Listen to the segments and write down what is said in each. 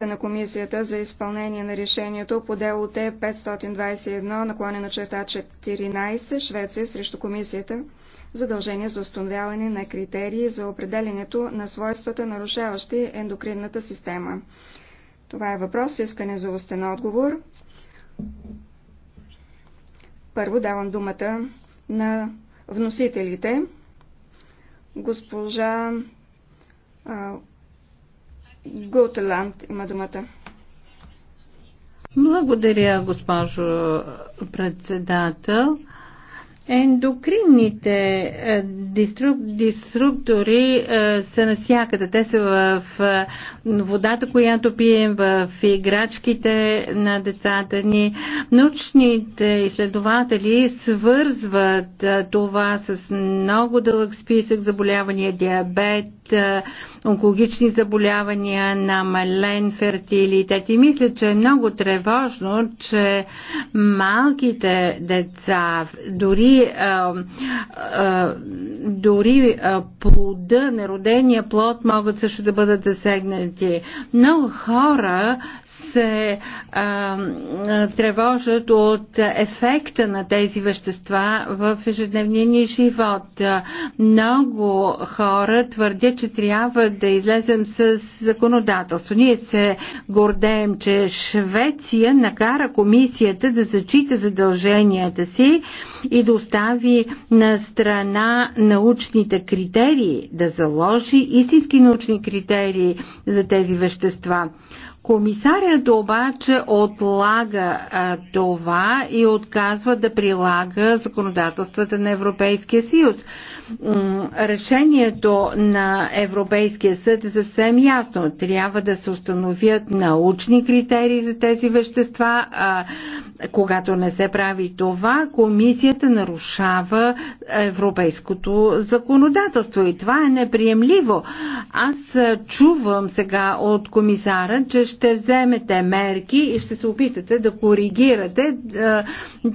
на Комисията за изпълнение на решението по дело Т-521 наклоне на черта 14 Швеция срещу Комисията задължение за установяване на критерии за определенето на свойствата, нарушаващи ендокринната система. Това е въпрос, искане за устен отговор. Първо давам думата на вносителите. Госпожа Готеланд има думата. Благодаря, госпожо председател. Ендокринните е, дисруптори е, са навсякъде. Те са в е, водата, която пием, в играчките на децата ни. Научните изследователи свързват това с много дълъг списък заболявания, диабет, онкологични заболявания, намален фертилитет. И мисля, че е много тревожно, че малките деца, дори дори, а, а, дори плода, неродения плод могат също да бъдат засегнати. Много хора се а, тревожат от ефекта на тези вещества в ежедневния ни живот. Много хора твърдят, че трябва да излезем с законодателство. Ние се гордеем, че Швеция накара комисията да зачита задълженията си и да остави на страна научните критерии, да заложи истински научни критерии за тези вещества. Комисарят обаче отлага а, това и отказва да прилага законодателствата на Европейския съюз решението на Европейския съд е съвсем ясно. Трябва да се установят научни критерии за тези вещества. А, когато не се прави това, комисията нарушава европейското законодателство и това е неприемливо. Аз чувам сега от комисара, че ще вземете мерки и ще се опитате да коригирате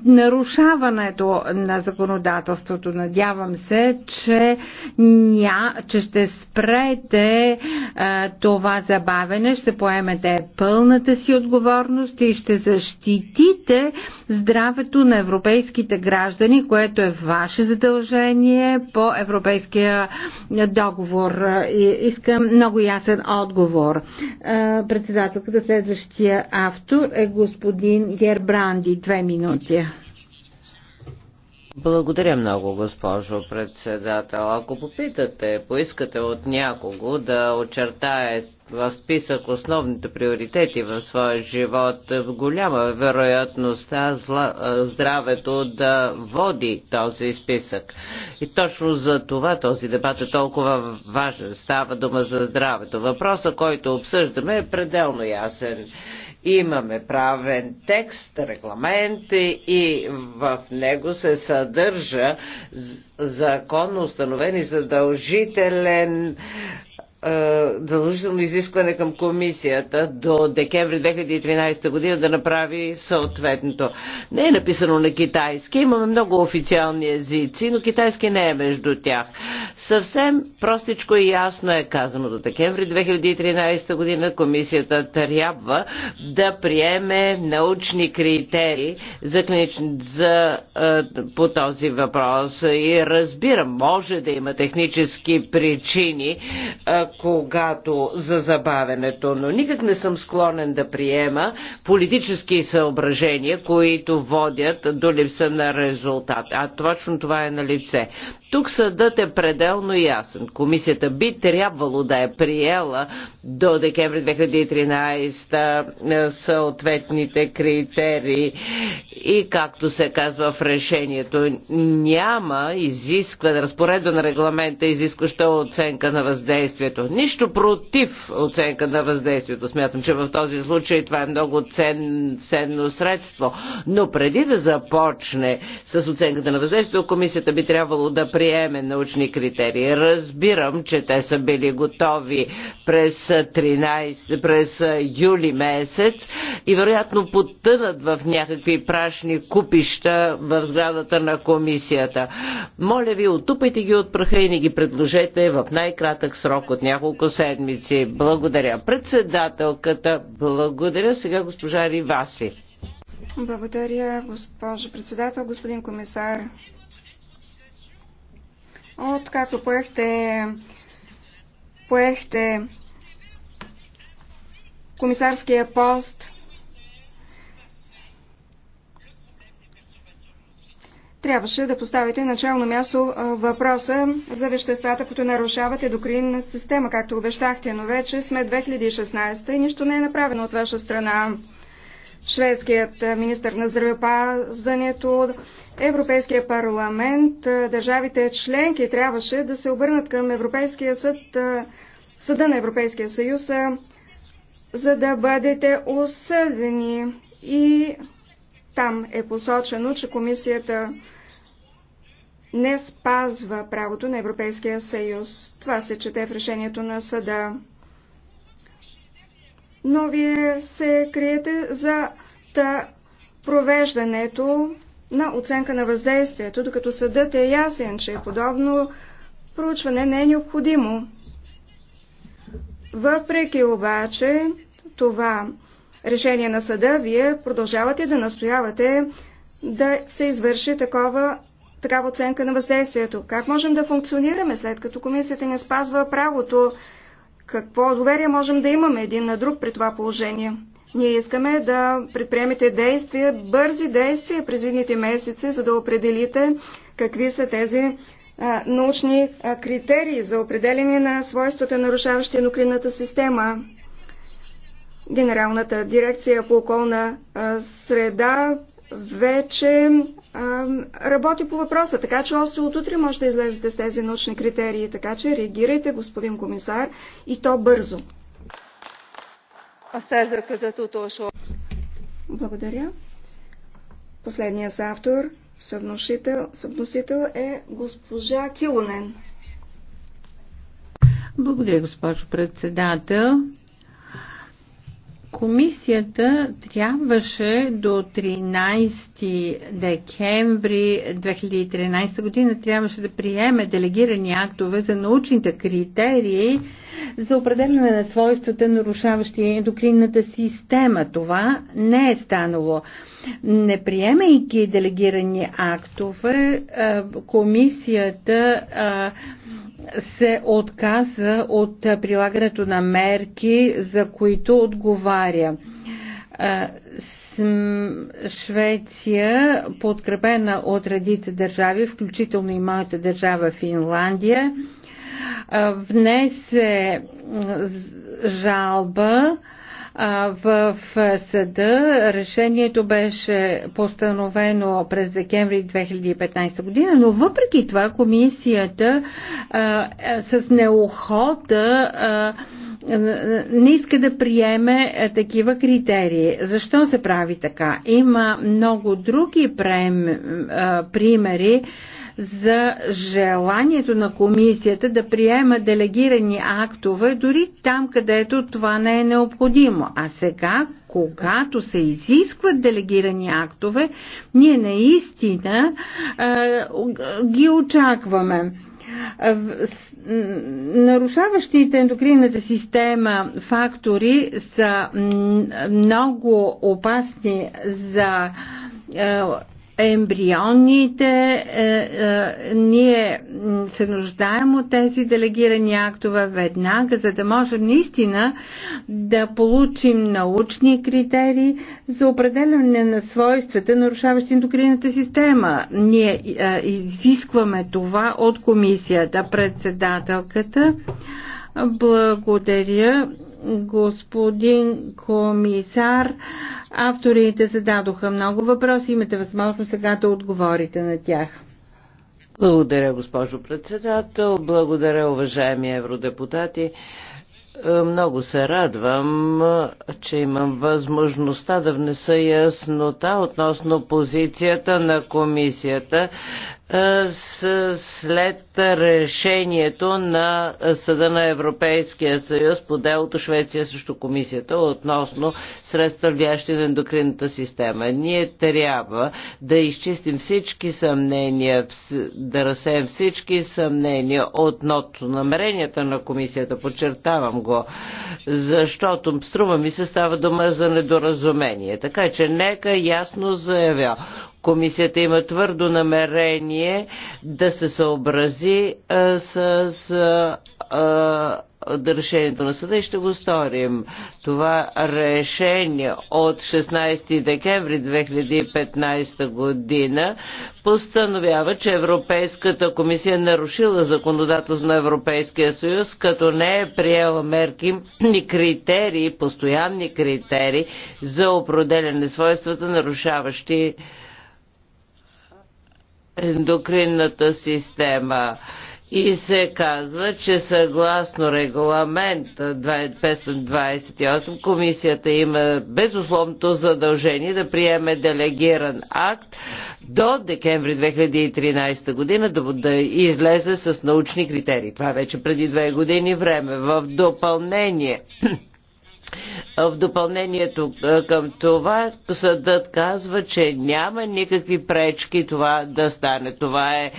нарушаването на законодателството. Надявам се, че, ня, че ще спрете а, това забавене, ще поемете пълната си отговорност и ще защитите здравето на европейските граждани, което е ваше задължение по Европейския договор. И, искам много ясен отговор. А, председателката следващия автор е господин Гербранди. Две минути. Благодаря много, госпожо председател. Ако попитате, поискате от някого да очертае в списък основните приоритети в своя живот, голяма вероятността зла, здравето да води този списък. И точно за това този дебат е толкова важен. Става дума за здравето. Въпросът, който обсъждаме е пределно ясен. Имаме правен текст, регламент и в него се съдържа закон установен и задължителен е, задължително изискване към комисията до декември 2013 година да направи съответното. Не е написано на китайски, имаме много официални езици, но китайски не е между тях. Съвсем простичко и ясно е казано до декември 2013 година комисията трябва да приеме научни критерии за, клинични, за, е, по този въпрос. И разбира, може да има технически причини, е, когато за забавенето, но никак не съм склонен да приема политически съображения, които водят до липса на резултат. А точно това е на лице. Тук съдът е пределно ясен. Комисията би трябвало да е приела до декември 2013 е, съответните критерии и както се казва в решението, няма изисква, разпоредба на регламента изискваща оценка на въздействието. Нищо против оценка на въздействието. Смятам, че в този случай това е много цен, ценно средство. Но преди да започне с оценката на въздействието, комисията би трябвало да приеме научни критерии. Разбирам, че те са били готови през, 13, през юли месец и вероятно потънат в някакви прашни купища в сградата на комисията. Моля ви, отупайте ги от праха и ни ги предложете в най-кратък срок от няколко седмици. Благодаря. Председателката, благодаря сега госпожа Риваси. Благодаря, госпожо председател, господин комисар. Откакто поехте, поехте комисарския пост, трябваше да поставите начално място въпроса за веществата, които нарушават едокринна система, както обещахте, но вече сме 2016 и нищо не е направено от ваша страна шведският е, министр на здравеопазването, Европейския парламент, е, държавите членки трябваше да се обърнат към Европейския съд, е, съда на Европейския съюз, за да бъдете осъдени. И там е посочено, че комисията не спазва правото на Европейския съюз. Това се чете в решението на съда но вие се криете за та провеждането на оценка на въздействието, докато съдът е ясен, че подобно проучване не е необходимо. Въпреки обаче това решение на съда, вие продължавате да настоявате да се извърши такова, такава оценка на въздействието. Как можем да функционираме след като комисията не спазва правото какво доверие можем да имаме един на друг при това положение? Ние искаме да предприемете действия, бързи действия през едните месеци, за да определите какви са тези а, научни а, критерии за определение на свойствата, нарушаващи енокринната система. Генералната дирекция по околна а, среда вече работи по въпроса, така че още от утре може да излезете с тези научни критерии, така че реагирайте, господин комисар, и то бързо. Благодаря. Последният автор, съвносител, съвносител е госпожа Килонен. Благодаря, госпожо председател. Комисията трябваше до 13 декември 2013 година трябваше да приеме делегирани актове за научните критерии за определене на свойствата, нарушаващи ендокринната система. Това не е станало. Не приемайки делегирани актове, комисията се отказа от прилагането на мерки, за които отговаря. Швеция, подкрепена от редица държави, включително и моята държава Финландия, внесе жалба в съда решението беше постановено през декември 2015 година, но въпреки това комисията а, е, с неохота а, е, не иска да приеме е, такива критерии. Защо се прави така? Има много други прем, а, примери за желанието на комисията да приема делегирани актове, дори там, където това не е необходимо. А сега, когато се изискват делегирани актове, ние наистина е, ги очакваме. Нарушаващите ендокринната система фактори са много опасни за ембрионните, е, е, ние се нуждаем от тези делегирани актове веднага, за да можем наистина да получим научни критерии за определяне на свойствата, нарушаващи ендокринната система. Ние е, изискваме това от комисията, председателката. Благодаря, господин комисар. Авторите зададоха много въпроси. Имате възможност сега да отговорите на тях. Благодаря, госпожо председател. Благодаря, уважаеми евродепутати. Е, много се радвам, че имам възможността да внеса яснота относно позицията на комисията е, след решението на Съда на Европейския съюз по делото Швеция срещу комисията относно средства влиящи на ендокринната система. Ние трябва да изчистим всички съмнения, да разсеем всички съмнения относно намеренията на комисията, подчертавам го, защото струва ми се става дума за недоразумение. Така че нека ясно заявя. Комисията има твърдо намерение да се съобрази с решението на съда и ще го сторим. Това решение от 16 декември 2015 година постановява, че Европейската комисия нарушила законодателство на Европейския съюз, като не е приела мерки и критерии, постоянни критерии за определяне свойствата, нарушаващи ендокринната система. И се казва, че съгласно регламент 528 комисията има безусловното задължение да приеме делегиран акт до декември 2013 година да, да излезе с научни критерии. Това е вече преди две години време. В допълнение в допълнението към това съдът казва, че няма никакви пречки това да стане. Това е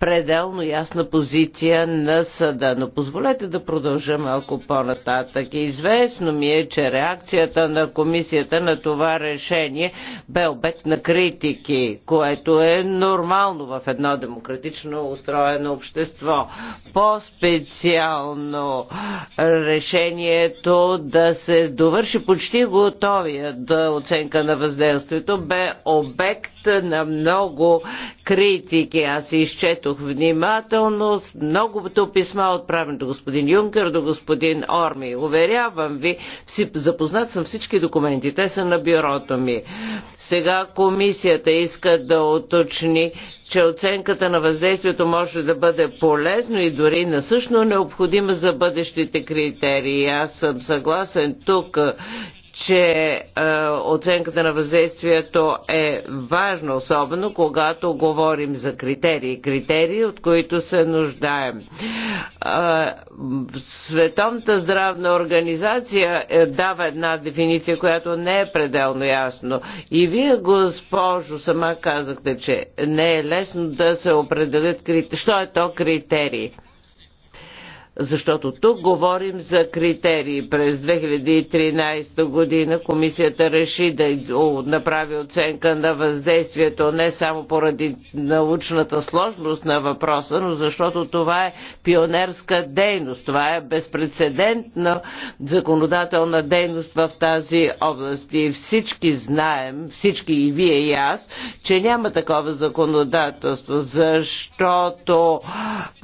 пределно ясна позиция на съда. Но позволете да продължа малко по-нататък. Известно ми е, че реакцията на комисията на това решение бе обект на критики, което е нормално в едно демократично устроено общество. По-специално решението да се довърши почти готовия да оценка на въздействието бе обект на много критики. Аз изчето Четох внимателно многото писма отправени до господин Юнкер, до господин Орми. Уверявам ви, запознат съм всички документи. Те са на бюрото ми. Сега комисията иска да уточни, че оценката на въздействието може да бъде полезно и дори насъщно необходима за бъдещите критерии. Аз съм съгласен тук, че е, оценката на въздействието е важна, особено когато говорим за критерии, критерии, от които се нуждаем. Е, Световната здравна организация е, дава една дефиниция, която не е пределно ясно. И вие, госпожо, сама казахте, че не е лесно да се определят, що е то критерии. Защото тук говорим за критерии. През 2013 година комисията реши да направи оценка на въздействието не само поради научната сложност на въпроса, но защото това е пионерска дейност. Това е безпредседентна законодателна дейност в тази област. И всички знаем, всички и вие и аз, че няма такова законодателство, защото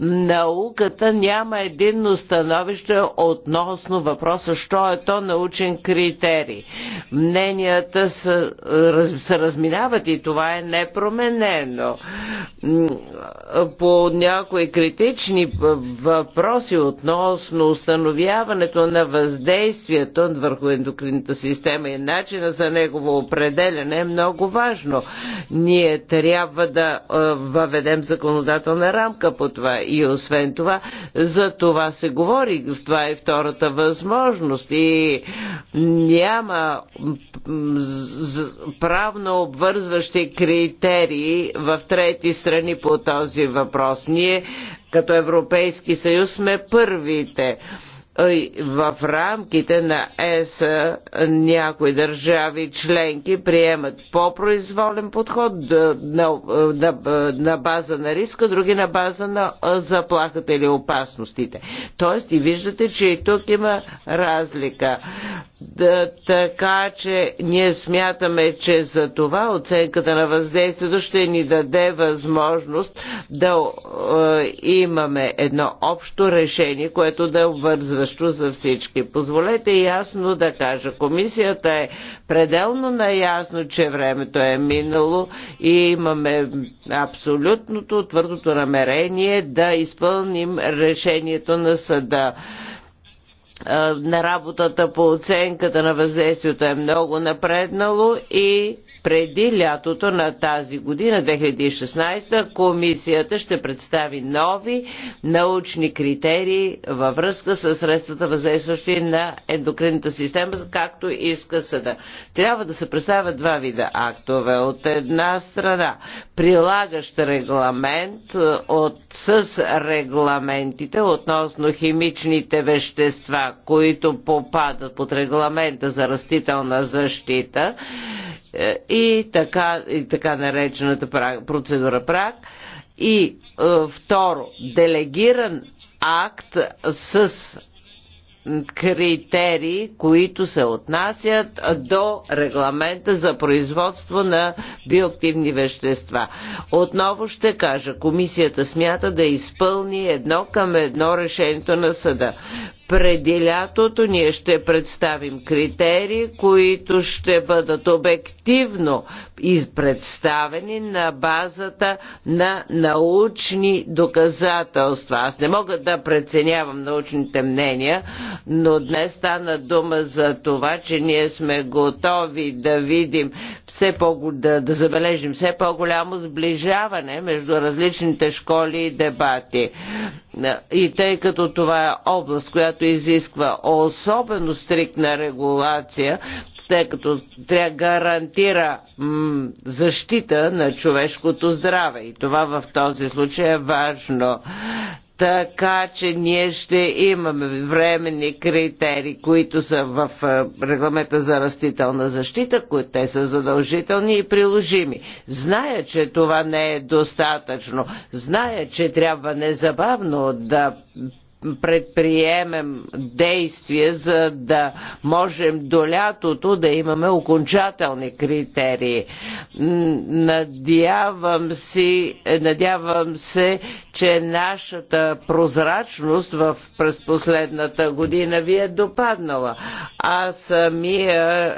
науката няма един единно становище относно въпроса, що е то научен критерий. Мненията са, раз, се разминават и това е непроменено. По някои критични въпроси относно установяването на въздействието върху ендокринната система и начина за негово определене е много важно. Ние трябва да въведем законодателна рамка по това и освен това за това това се говори, това е втората възможност и няма правно обвързващи критерии в трети страни по този въпрос. Ние като Европейски съюз сме първите в рамките на ЕС някои държави членки приемат по-произволен подход на, на, на база на риска, други на база на заплахата или опасностите. Тоест и виждате, че и тук има разлика. Да, така че ние смятаме, че за това оценката на въздействието ще ни даде възможност да е, имаме едно общо решение, което да обвързва обвързващо за всички. Позволете ясно да кажа, комисията е пределно наясно, че времето е минало и имаме абсолютното твърдото намерение да изпълним решението на съда на работата по оценката на въздействието е много напреднало и преди лятото на тази година, 2016, комисията ще представи нови научни критерии във връзка с средствата въздействащи на ендокринната система, както иска съда. Трябва да се представят два вида актове. От една страна, прилагащ регламент е, от, с регламентите относно химичните вещества, които попадат под регламента за растителна защита, е, и така, и така наречената процедура прак. И е, второ, делегиран акт с критерии, които се отнасят до регламента за производство на биоактивни вещества. Отново ще кажа, комисията смята да изпълни едно към едно решението на съда преди лятото ние ще представим критерии, които ще бъдат обективно представени на базата на научни доказателства. Аз не мога да преценявам научните мнения, но днес стана дума за това, че ние сме готови да видим все по, да, да забележим все по-голямо сближаване между различните школи и дебати. И тъй като това е област, която което изисква особено стриктна регулация, тъй като трябва гарантира защита на човешкото здраве. И това в този случай е важно така че ние ще имаме временни критерии, които са в е, регламента за растителна защита, които те са задължителни и приложими. Зная, че това не е достатъчно. Зная, че трябва незабавно да предприемем действия, за да можем до лятото да имаме окончателни критерии. Надявам, си, е, надявам се, че нашата прозрачност в през последната година ви е допаднала. Аз самия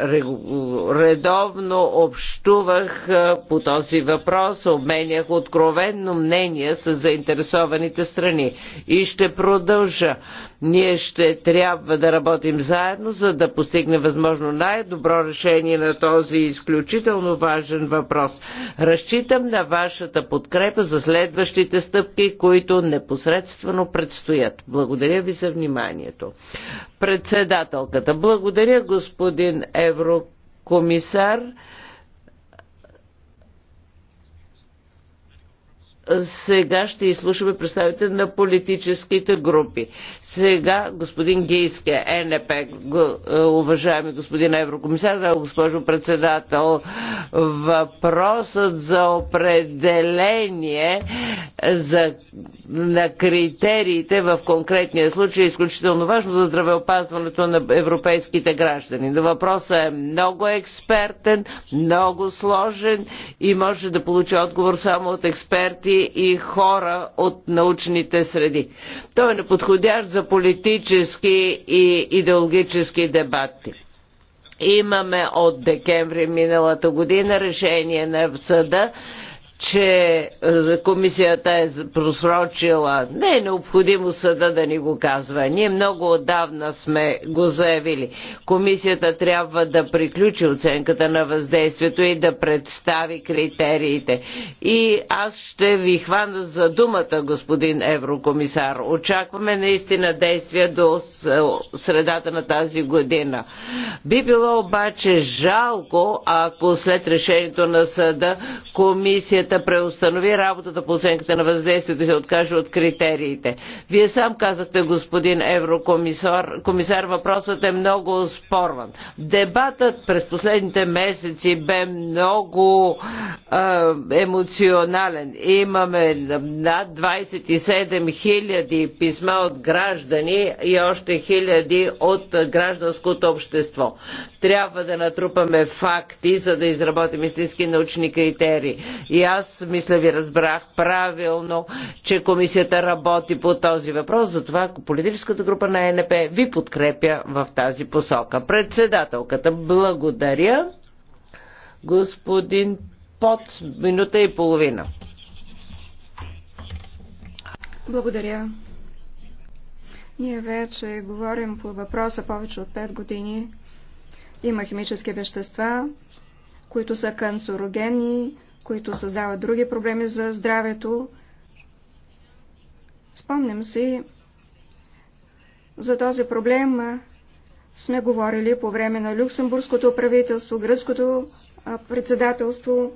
редовно общувах е, по този въпрос, обменях откровенно мнение с заинтересованите страни и ще продължа продължа. Ние ще трябва да работим заедно, за да постигне възможно най-добро решение на този изключително важен въпрос. Разчитам на вашата подкрепа за следващите стъпки, които непосредствено предстоят. Благодаря ви за вниманието. Председателката, благодаря господин Еврокомисар. Сега ще изслушаме представител на политическите групи. Сега господин Гейски, е НП, е, уважаеми господин еврокомисар, госпожо председател, въпросът за определение за, на критериите в конкретния случай е изключително важно за здравеопазването на европейските граждани. Но въпросът е много експертен, много сложен и може да получи отговор само от експерти и хора от научните среди. Той е неподходящ за политически и идеологически дебати. Имаме от декември миналата година решение на съда че е, комисията е просрочила. Не е необходимо съда да ни го казва. Ние много отдавна сме го заявили. Комисията трябва да приключи оценката на въздействието и да представи критериите. И аз ще ви хвана за думата, господин еврокомисар. Очакваме наистина действия до средата на тази година. Би било обаче жалко, ако след решението на съда комисията да преустанови работата по оценката на въздействието и се откаже от критериите. Вие сам казахте, господин еврокомисар, комисар, въпросът е много спорван. Дебатът през последните месеци бе много е, емоционален. Имаме над 27 хиляди писма от граждани и още хиляди от гражданското общество. Трябва да натрупаме факти, за да изработим истински научни критерии. И аз мисля ви разбрах правилно, че комисията работи по този въпрос, затова политическата група на ЕНП ви подкрепя в тази посока. Председателката, благодаря. Господин Под, минута и половина. Благодаря. Ние вече говорим по въпроса повече от 5 години. Има химически вещества, които са канцерогени, които създават други проблеми за здравето. Спомням си, за този проблем сме говорили по време на люксембургското правителство, гръцкото председателство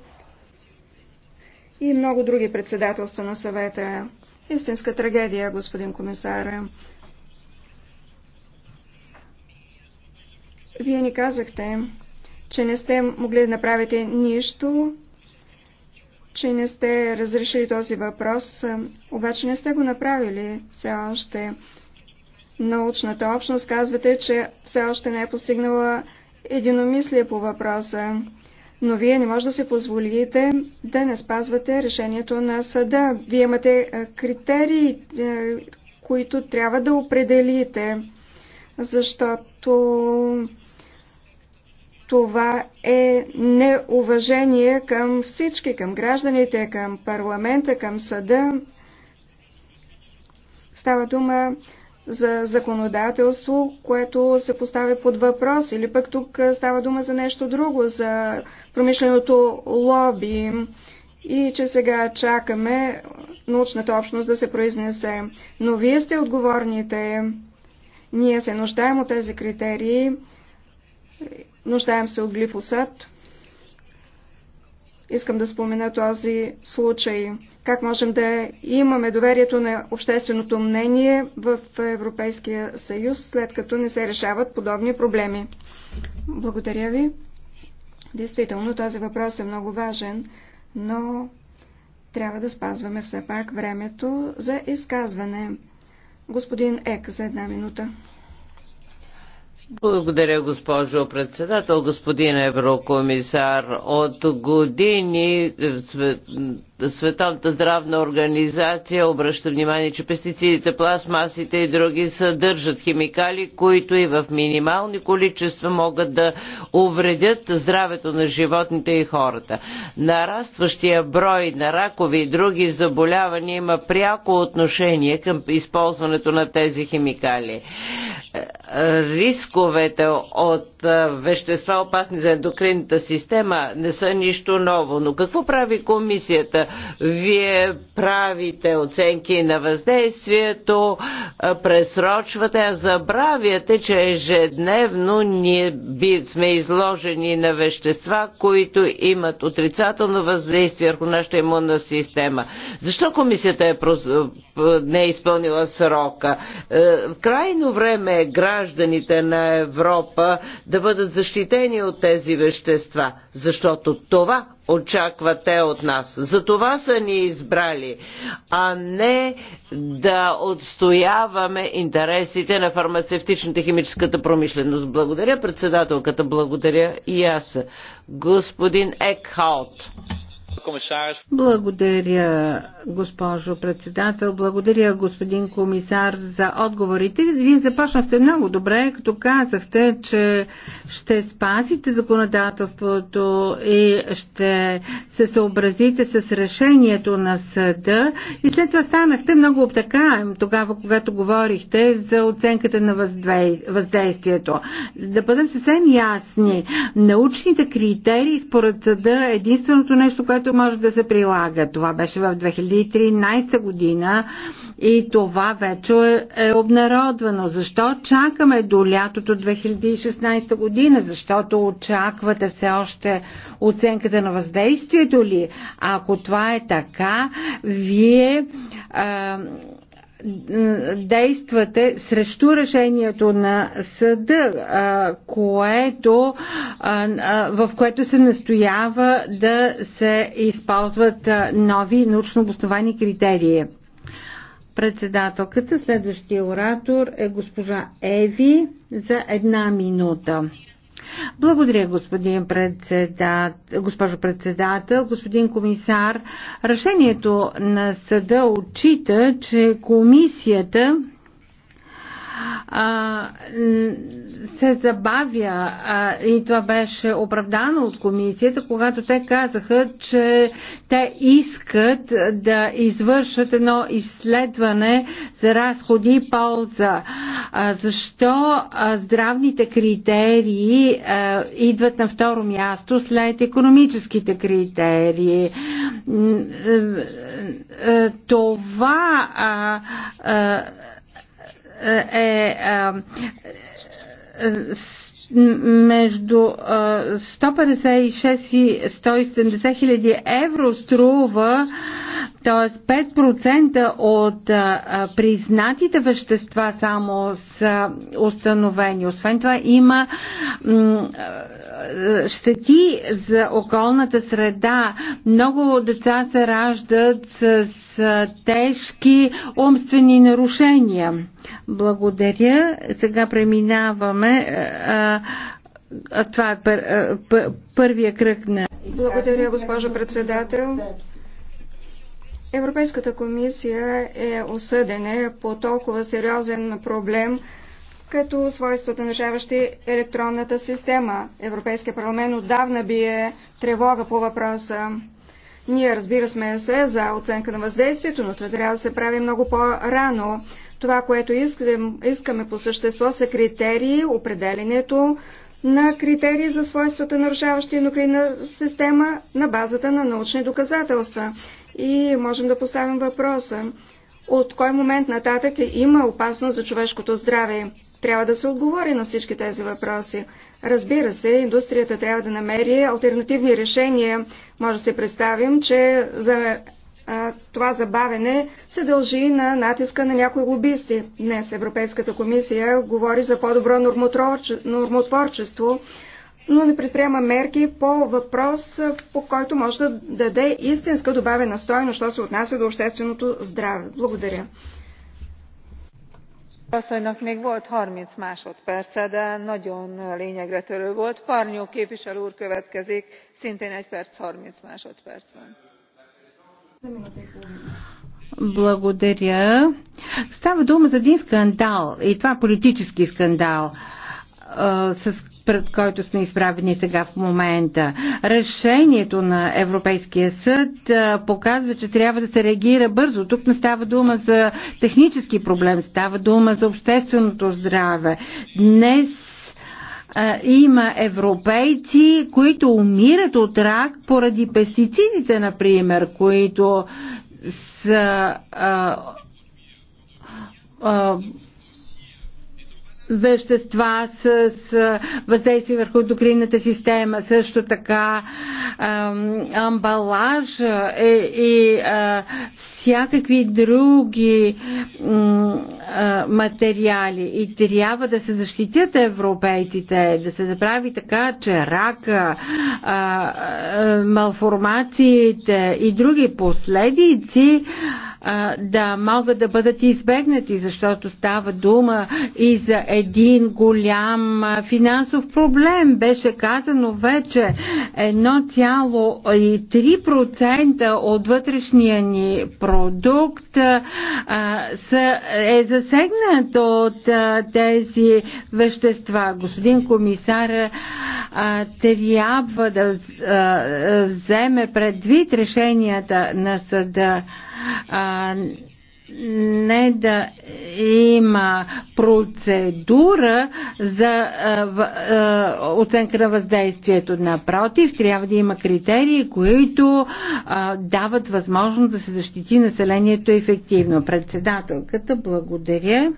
и много други председателства на съвета. Истинска трагедия, господин комисар. Вие ни казахте, че не сте могли да направите нищо че не сте разрешили този въпрос, обаче не сте го направили все още. Научната общност казвате, че все още не е постигнала единомислие по въпроса, но вие не може да се позволите да не спазвате решението на съда. Вие имате критерии, които трябва да определите, защото това е неуважение към всички, към гражданите, към парламента, към съда. Става дума за законодателство, което се поставя под въпрос, или пък тук става дума за нещо друго, за промишленото лоби и че сега чакаме научната общност да се произнесе. Но вие сте отговорните. Ние се нуждаем от тези критерии Нуждаем се от глифосат. Искам да спомена този случай. Как можем да имаме доверието на общественото мнение в Европейския съюз, след като не се решават подобни проблеми? Благодаря ви. Действително, този въпрос е много важен, но трябва да спазваме все пак времето за изказване. Господин Ек за една минута. Благодаря, госпожо председател, господин еврокомисар. От години Световната здравна организация обръща внимание, че пестицидите, пластмасите и други съдържат химикали, които и в минимални количества могат да увредят здравето на животните и хората. Нарастващия брой на ракови и други заболявания има пряко отношение към използването на тези химикали. Е, е, рисковете от вещества, опасни за ендокринната система, не са нищо ново. Но какво прави комисията? Вие правите оценки на въздействието, пресрочвате, а забравяте, че ежедневно ние сме изложени на вещества, които имат отрицателно въздействие върху нашата имунна система. Защо комисията е не е изпълнила срока? Е, крайно време е гражданите на Европа да бъдат защитени от тези вещества, защото това очакват те от нас. За това са ни избрали, а не да отстояваме интересите на фармацевтичната химическата промишленост. Благодаря председателката, благодаря и аз. Господин Екхаут. Благодаря, госпожо председател. Благодаря, господин комисар, за отговорите. Вие започнахте много добре, като казахте, че ще спазите законодателството и ще се съобразите с решението на съда. И след това станахте много обтакаем тогава, когато говорихте за оценката на въздействието. Да бъдем съвсем ясни. Научните критерии според съда е единственото нещо, което който може да се прилага. Това беше в 2013 година и това вече е обнародвано. Защо чакаме до лятото 2016 година? Защото очаквате все още оценката на въздействието ли? Ако това е така, вие а, действате срещу решението на съда, което, в което се настоява да се използват нови научно обосновани критерии. Председателката, следващия оратор е госпожа Еви за една минута. Благодаря, господин председател, госпожо председател, господин комисар. Решението на съда отчита, че комисията а, се забавя а, и това беше оправдано от комисията, когато те казаха, че те искат да извършат едно изследване за разходи и полза. А, защо а, здравните критерии а, идват на второ място след економическите критерии? Това а, а, е, е, е между 156 е, и 170 хиляди евро струва, т.е. 5% от признатите вещества само са установени. Освен това има щети за околната среда. Много деца се раждат с тежки умствени нарушения. Благодаря. Сега преминаваме. Е, е, това е пър, е, пър, първия кръг на. Благодаря, госпожо председател. Европейската комисия е осъдена по толкова сериозен проблем, като свойствата нажаващи електронната система. Европейския парламент отдавна бие тревога по въпроса. Ние, разбира сме се за оценка на въздействието, но това трябва да се прави много по-рано. Това, което искаме по същество са критерии, определенето на критерии за свойствата нарушаващи ендокринна система на базата на научни доказателства. И можем да поставим въпроса от кой момент нататък е има опасност за човешкото здраве. Трябва да се отговори на всички тези въпроси. Разбира се, индустрията трябва да намери альтернативни решения. Може да се представим, че за това забавене се дължи на натиска на някои лобисти. Днес Европейската комисия говори за по-добро нормотворчество, но не предприема мерки по въпрос, по който може да даде истинска добавена стойност, що се отнася до общественото здраве. Благодаря. Asszonynak még volt 30 másodperce, de nagyon lényegre törő volt. Parnyó képviselő úr következik, szintén 1 perc 30 másodpercben. Благодаря. Става дума за един скандал и това политически скандал, с пред който сме изправени сега в момента. Решението на Европейския съд показва, че трябва да се реагира бързо. Тук не става дума за технически проблем, става дума за общественото здраве. Днес има европейци, които умират от рак поради пестицидите, например, които са а, а, вещества с, с въздействие върху докринната система. Също така амбалаж е и всякакви други материали. И трябва да се защитят европейците, да се направи така, че рака, малформациите и други последици да могат да бъдат избегнати, защото става дума и за един голям финансов проблем. Беше казано вече 1,3% от вътрешния ни продукт е засегнат от тези вещества. Господин комисар трябва да вземе предвид решенията на съда а, не да има процедура за а, а, оценка на въздействието. Напротив, трябва да има критерии, които а, дават възможност да се защити населението ефективно. Председателката, благодаря.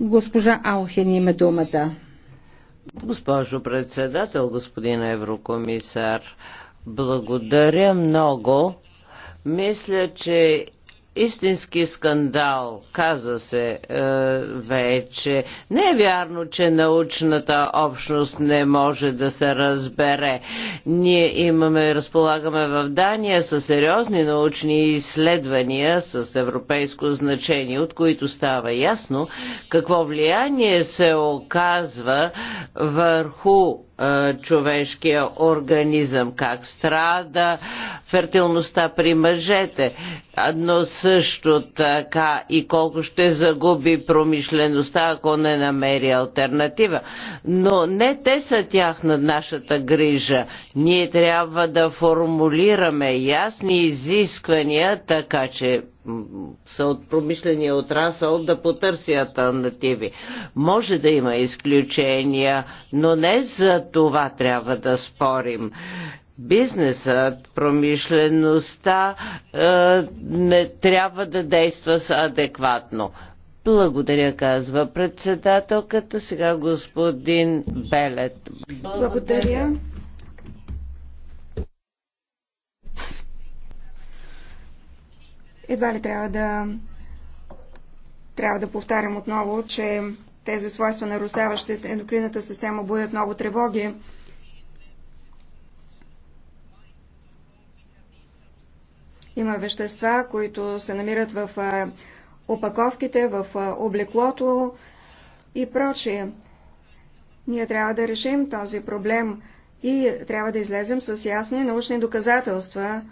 Госпожа Алхен има думата. Госпожо председател, господин еврокомисар, благодаря много мисля, че истински скандал, каза се е, вече. Не е вярно, че научната общност не може да се разбере. Ние имаме, и разполагаме в Дания с сериозни научни изследвания с европейско значение, от които става ясно какво влияние се оказва върху човешкия организъм, как страда фертилността при мъжете, но също така и колко ще загуби промишлеността, ако не намери альтернатива. Но не те са тях на нашата грижа. Ние трябва да формулираме ясни изисквания, така че са от промишления отрасъл да потърси альтернативи. Може да има изключения, но не за това трябва да спорим бизнесът, промишлеността е, не трябва да действа с адекватно. Благодаря, казва председателката. Сега господин Белет. Благодаря. Едва ли трябва да, трябва да повтарям отново, че тези свойства, нарушаващи ендокринната система, будят много тревоги. Има вещества, които се намират в опаковките, в облеклото и прочие. Ние трябва да решим този проблем и трябва да излезем с ясни научни доказателства,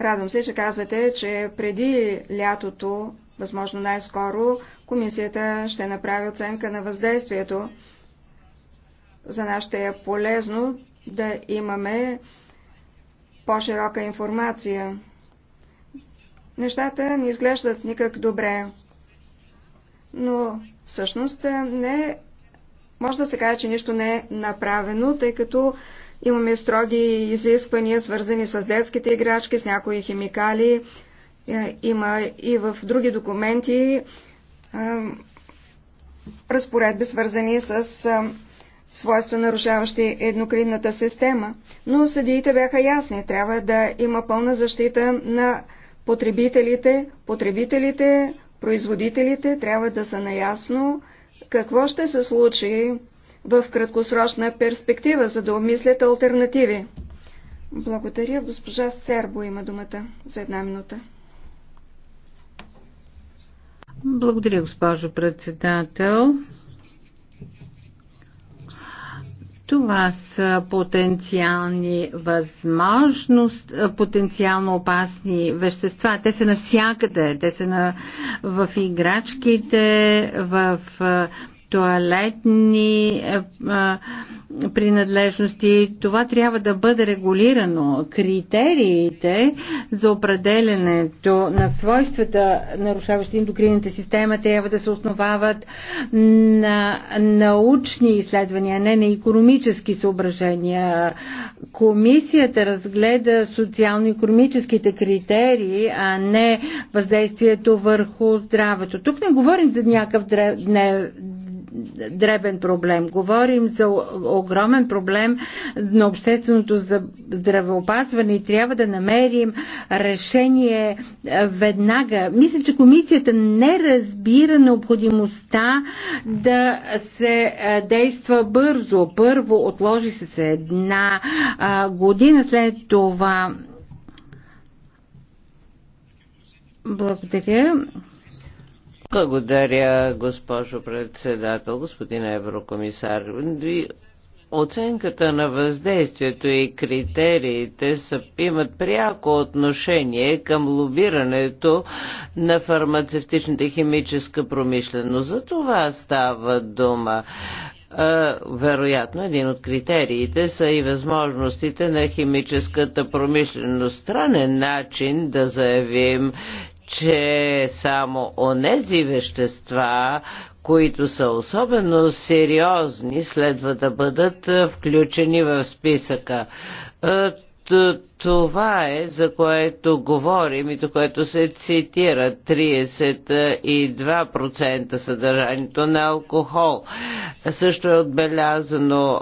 Радвам се, че казвате, че преди лятото, възможно най-скоро, комисията ще направи оценка на въздействието. За нас ще е полезно да имаме по-широка информация. Нещата не изглеждат никак добре, но всъщност не може да се каже, че нищо не е направено, тъй като Имаме строги изисквания, свързани с детските играчки, с някои химикали. Е, има и в други документи е, разпоредби, свързани с е, свойства, нарушаващи еднокринната система. Но съдиите бяха ясни. Трябва да има пълна защита на потребителите. Потребителите, производителите трябва да са наясно какво ще се случи в краткосрочна перспектива, за да умислят альтернативи. Благодаря. Госпожа Сербо има думата за една минута. Благодаря, госпожо председател. Това са потенциални възможност, потенциално опасни вещества. Те са навсякъде. Те са на, в играчките, в туалетни е, е, принадлежности. Това трябва да бъде регулирано. Критериите за определенето на свойствата, нарушаващи ендокринната система, трябва да се основават на научни изследвания, не на економически съображения. Комисията разгледа социално-економическите критерии, а не въздействието върху здравето. Тук не говорим за някакъв дребен проблем. Говорим за огромен проблем на общественото здравеопазване и трябва да намерим решение е, веднага. Мисля, че комисията не разбира необходимостта да се е, действа бързо. Първо отложи се се една година, след това благодаря. Благодаря, госпожо председател, господин еврокомисар. Оценката на въздействието и критериите са, имат пряко отношение към лобирането на фармацевтичната химическа промишленост. За това става дума вероятно един от критериите са и възможностите на химическата промишленост. Странен начин да заявим, че само онези вещества, които са особено сериозни, следва да бъдат включени в списъка това е, за което говорим и за което се цитира 32% съдържанието на алкохол. Също е отбелязано,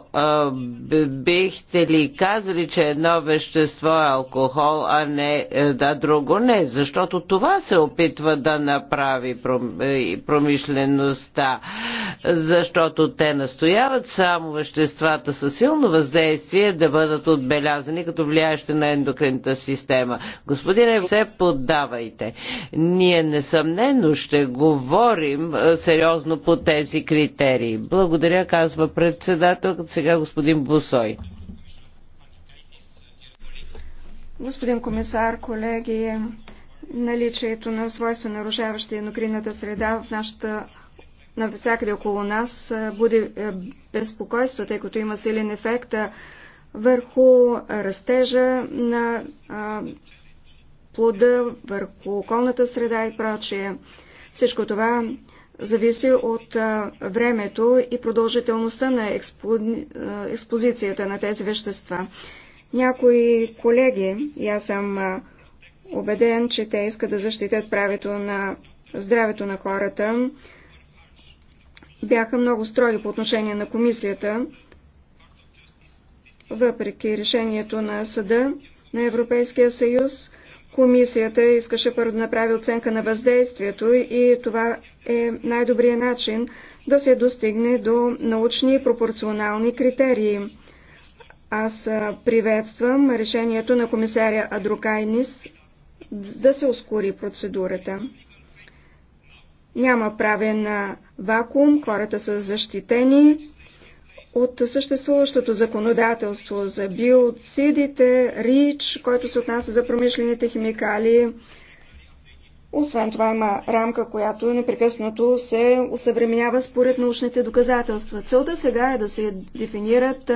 бихте ли казали, че едно вещество е алкохол, а не е, да друго не, защото това се опитва да направи е, промишлеността, защото те настояват само веществата със силно въздействие да бъдат отбелязани като влияещи на на ендокринната система. Господине, се поддавайте. Ние несъмнено ще говорим сериозно по тези критерии. Благодаря, казва председател. Сега господин Бусой. Господин комисар, колеги, наличието на свойства, нарушаващи енокринната среда в нашата навсякъде около нас буди безпокойство, тъй като има силен ефект върху растежа на а, плода, върху околната среда и прочие. Всичко това зависи от а, времето и продължителността на експо, а, експозицията на тези вещества. Някои колеги, и аз съм а, убеден, че те искат да защитят правето на здравето на хората, бяха много строги по отношение на комисията, въпреки решението на Съда на Европейския съюз, комисията искаше първо да направи оценка на въздействието и това е най-добрият начин да се достигне до научни и пропорционални критерии. Аз приветствам решението на комисаря Адрукайнис да се ускори процедурата. Няма правен вакуум, хората са защитени, от съществуващото законодателство за биоцидите, РИЧ, който се отнася за промишлените химикали. Освен това има рамка, която непрекъснато се усъвременява според научните доказателства. Целта сега е да се дефинират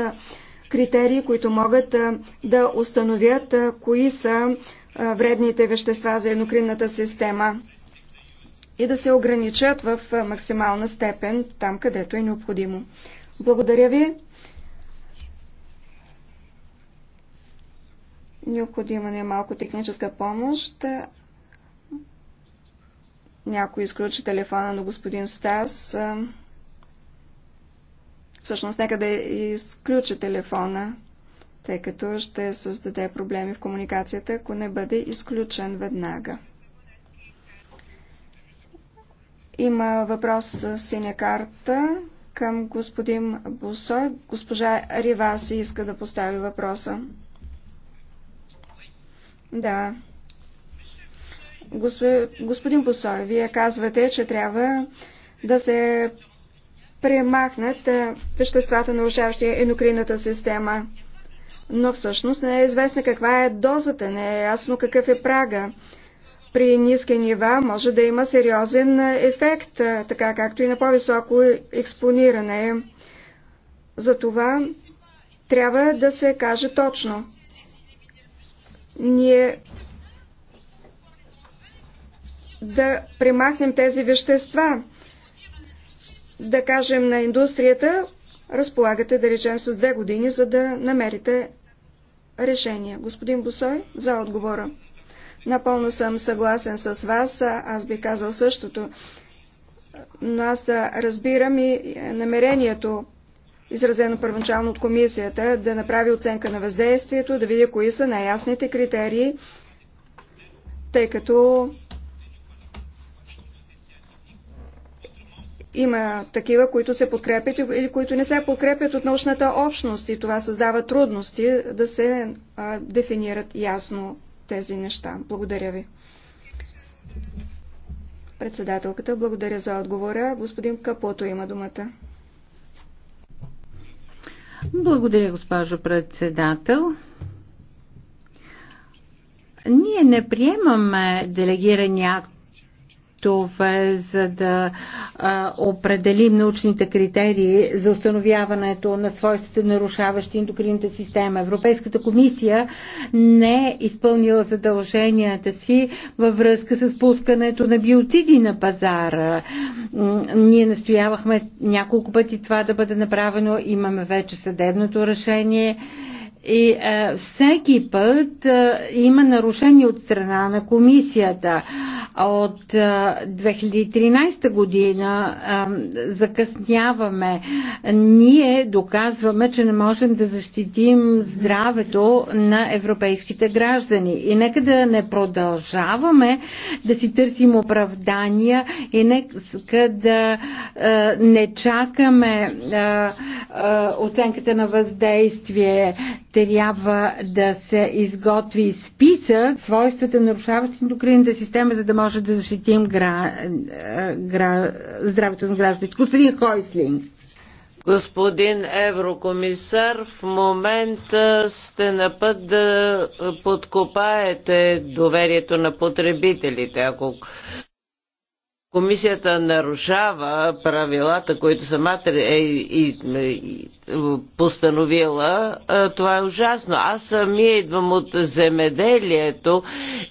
критерии, които могат да установят кои са вредните вещества за еднокринната система и да се ограничат в максимална степен там, където е необходимо. Благодаря ви. Необходима ни е малко техническа помощ. Някой изключи телефона на господин Стас. Всъщност, нека да изключи телефона, тъй като ще създаде проблеми в комуникацията, ако не бъде изключен веднага. Има въпрос с синя карта към господин Бусой. Госпожа Риваси иска да постави въпроса. Да. Господин Бусой, вие казвате, че трябва да се премахнат веществата, нарушаващи енокринната система. Но всъщност не е известна каква е дозата, не е ясно какъв е прага при ниски нива може да има сериозен ефект, така както и на по-високо експониране. За това трябва да се каже точно. Ние да премахнем тези вещества, да кажем на индустрията, разполагате, да речем, с две години, за да намерите решение. Господин Босой, за отговора. Напълно съм съгласен с вас, аз би казал същото, но аз разбирам и е, намерението, изразено първоначално от комисията, да направи оценка на въздействието, да видя кои са най-ясните критерии, тъй като има такива, които се подкрепят или които не се подкрепят от научната общност и това създава трудности да се а, дефинират ясно тези неща. Благодаря ви. Председателката, благодаря за отговора. Господин Капото има думата. Благодаря, госпожо председател. Ние не приемаме делегирани акт актове, за да а, определим научните критерии за установяването на свойствата, нарушаващи ендокринната система. Европейската комисия не е изпълнила задълженията си във връзка с пускането на биоциди на пазара. Ние настоявахме няколко пъти това да бъде направено. Имаме вече съдебното решение и а, е, всеки път а, е, има нарушение от страна на комисията. От е, а, 2013 година а, закъсняваме. Ние доказваме, че не можем да защитим здравето на европейските граждани. И нека да не продължаваме да си търсим оправдания и нека да а, не чакаме а, а, оценката на въздействие трябва да се изготви списък свойствата, нарушаващи ендокринната система, за да може да защитим гра... Гра... здравето на гражданите. Господин Хойслинг. Господин еврокомисар, в момента сте на път да подкопаете доверието на потребителите. Ако Комисията нарушава правилата, които самата е, и, е, и, е, е, постановила. Това е ужасно. Аз самия идвам от земеделието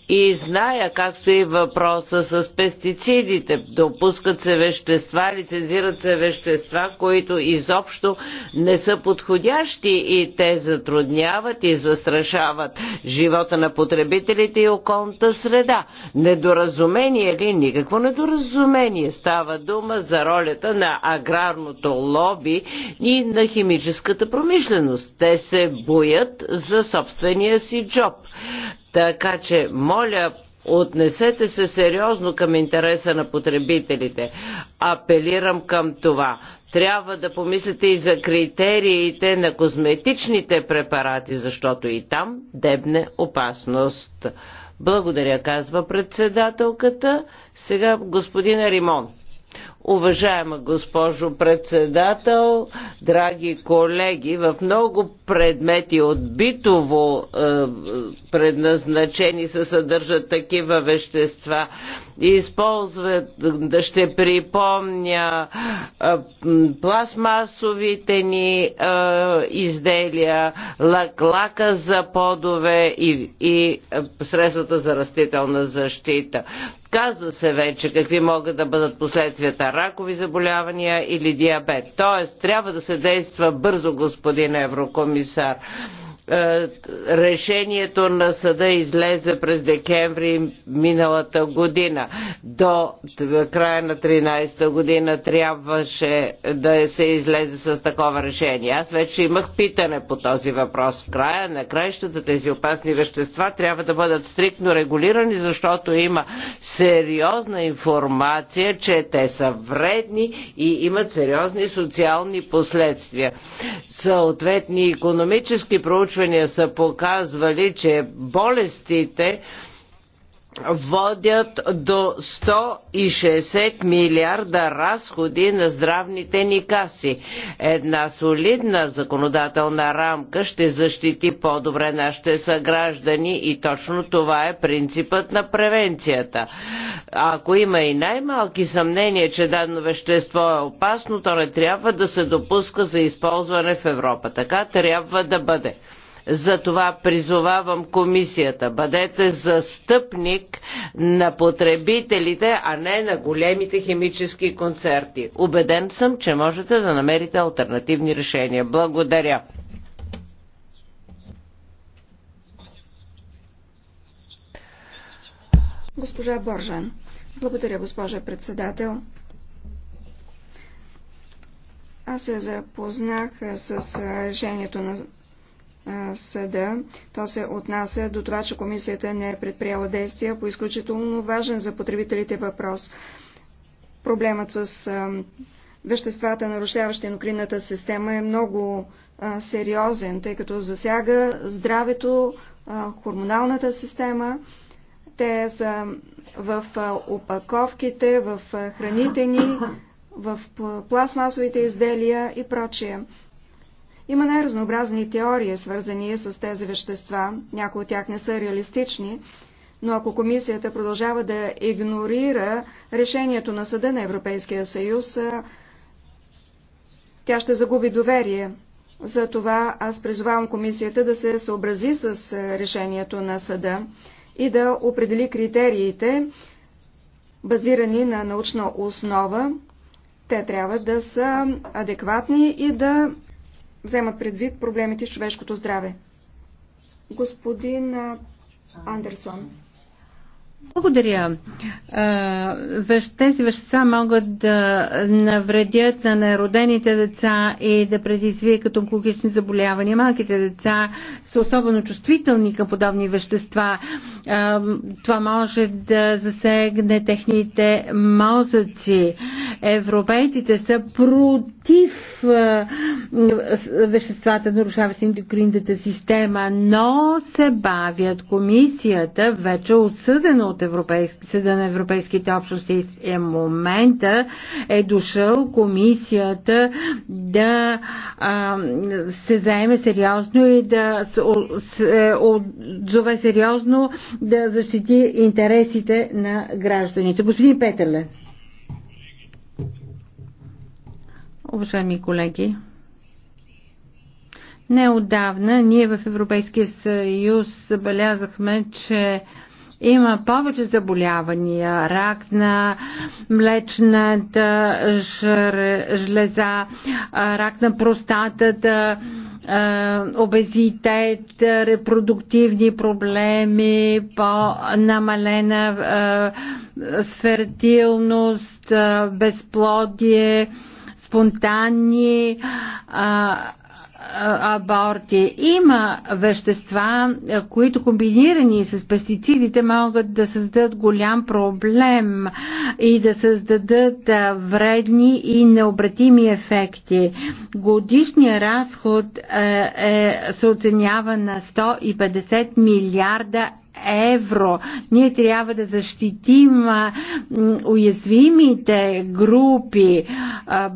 и зная как стои въпроса с пестицидите. Допускат се вещества, лицензират се вещества, които изобщо не са подходящи и те затрудняват и застрашават живота на потребителите и околната среда. Недоразумение ли? Никакво недоразумение споразумение. Става дума за ролята на аграрното лоби и на химическата промишленост. Те се боят за собствения си джоб. Така че, моля, Отнесете се сериозно към интереса на потребителите. Апелирам към това. Трябва да помислите и за критериите на козметичните препарати, защото и там дебне опасност. Благодаря, казва председателката. Сега господин Римон. Уважаема госпожо председател, драги колеги, в много предмети от битово е, предназначени се съдържат такива вещества. Използват, да ще припомня, е, пластмасовите ни е, изделия, лак, лака за подове и, и е, средствата за растителна защита. Казва се вече какви могат да бъдат последствията ракови заболявания или диабет. Тоест, трябва да се действа бързо, господин еврокомисар. Е, решението на съда излезе през декември миналата година. До края на 13-та година трябваше да се излезе с такова решение. Аз вече имах питане по този въпрос. В края на краищата тези опасни вещества трябва да бъдат стриктно регулирани, защото има сериозна информация, че те са вредни и имат сериозни социални последствия. Съответни економически проучвания проучвания са показвали, че болестите водят до 160 милиарда разходи на здравните ни каси. Една солидна законодателна рамка ще защити по-добре нашите съграждани и точно това е принципът на превенцията. Ако има и най-малки съмнения, че дадено вещество е опасно, то не трябва да се допуска за използване в Европа. Така трябва да бъде. Затова призовавам комисията, бъдете застъпник на потребителите, а не на големите химически концерти. Убеден съм, че можете да намерите альтернативни решения. Благодаря. Госпожа Боржан. Благодаря, госпожа председател. Аз се запознах с решението на съда. То се отнася до това, че комисията не е предприела действия по изключително важен за потребителите въпрос. Проблемът с веществата, нарушаващи енокринната система, е много сериозен, тъй като засяга здравето, хормоналната система. Те са в опаковките, в храните ни, в пластмасовите изделия и прочие. Има най-разнообразни теории, свързани с тези вещества. Някои от тях не са реалистични, но ако комисията продължава да игнорира решението на Съда на Европейския съюз, тя ще загуби доверие. Затова аз призовавам комисията да се съобрази с решението на Съда и да определи критериите, базирани на научна основа. Те трябва да са адекватни и да вземат предвид проблемите с човешкото здраве. Господин Андерсон. Благодаря. Тези вещества могат да навредят на неродените деца и да предизвикат онкологични заболявания. Малките деца са особено чувствителни към подобни вещества. Това може да засегне техните мозъци. Европейците са против веществата, нарушаващи ендокринната система, но се бавят. Комисията вече осъдено от европейски, Съда на европейските общности е момента е дошъл комисията да а, се заеме сериозно и да се отзове сериозно да защити интересите на гражданите. Господин Петеле. Уважаеми колеги, Неодавна ние в Европейския съюз забелязахме, че има повече заболявания, рак на млечната жлеза, рак на простатата, обезитет, репродуктивни проблеми, по-намалена фертилност, безплодие, спонтанни аборти. Има вещества, които комбинирани с пестицидите могат да създадат голям проблем и да създадат вредни и необратими ефекти. Годишният разход е, е, се оценява на 150 милиарда евро. Ние трябва да защитим уязвимите групи,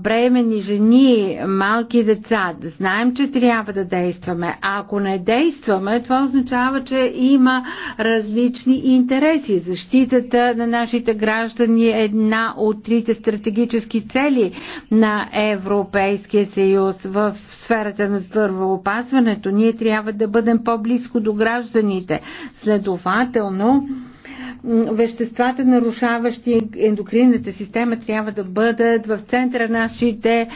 бремени жени, малки деца. Знаем, че трябва да действаме. А ако не действаме, това означава, че има различни интереси. Защитата на нашите граждани е една от трите стратегически цели на Европейския съюз в сферата на здравеопазването. Ние трябва да бъдем по-близко до гражданите. След последователно веществата, нарушаващи ендокринната система, трябва да бъдат в центъра на нашите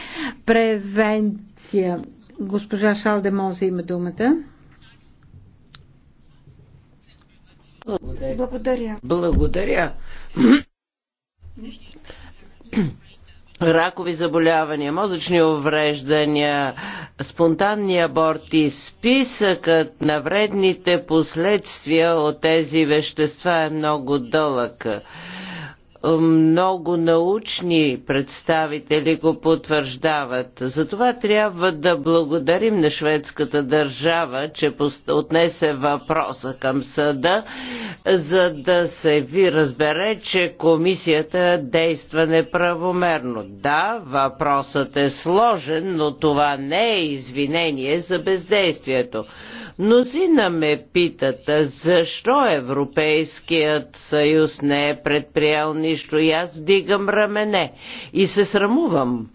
превенция. Госпожа Шалдемоза има думата. Благодаря. Благодаря ракови заболявания, мозъчни увреждания, спонтанни аборти, списъкът на вредните последствия от тези вещества е много дълъг много научни представители го потвърждават. Затова трябва да благодарим на шведската държава, че отнесе въпроса към съда, за да се ви разбере, че комисията действа неправомерно. Да, въпросът е сложен, но това не е извинение за бездействието. Мнозина ме питат защо Европейският съюз не е предприял нищо и аз вдигам рамене и се срамувам.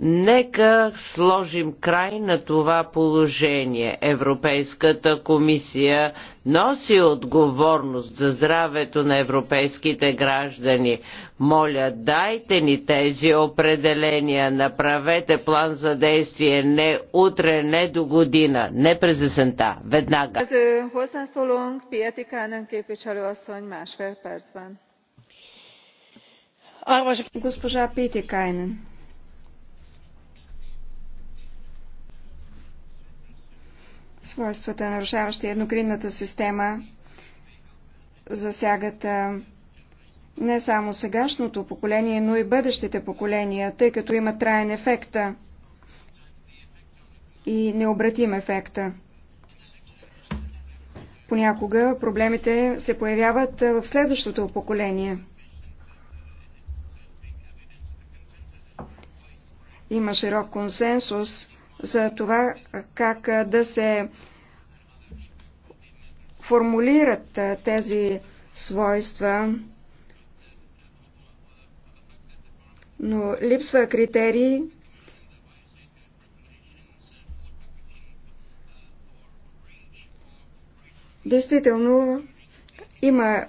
Нека сложим край на това положение. Европейската комисия носи отговорност за здравето на европейските граждани. Моля, дайте ни тези определения, направете план за действие не утре, не до година, не през есента, веднага. Госпожа Пити Кайнен. Свойствата, нарушаващи еднокринната система, засягат не само сегашното поколение, но и бъдещите поколения, тъй като има траен ефекта и необратим ефекта. Понякога проблемите се появяват в следващото поколение. Има широк консенсус за това как да се формулират тези свойства, но липсва критерии Действително има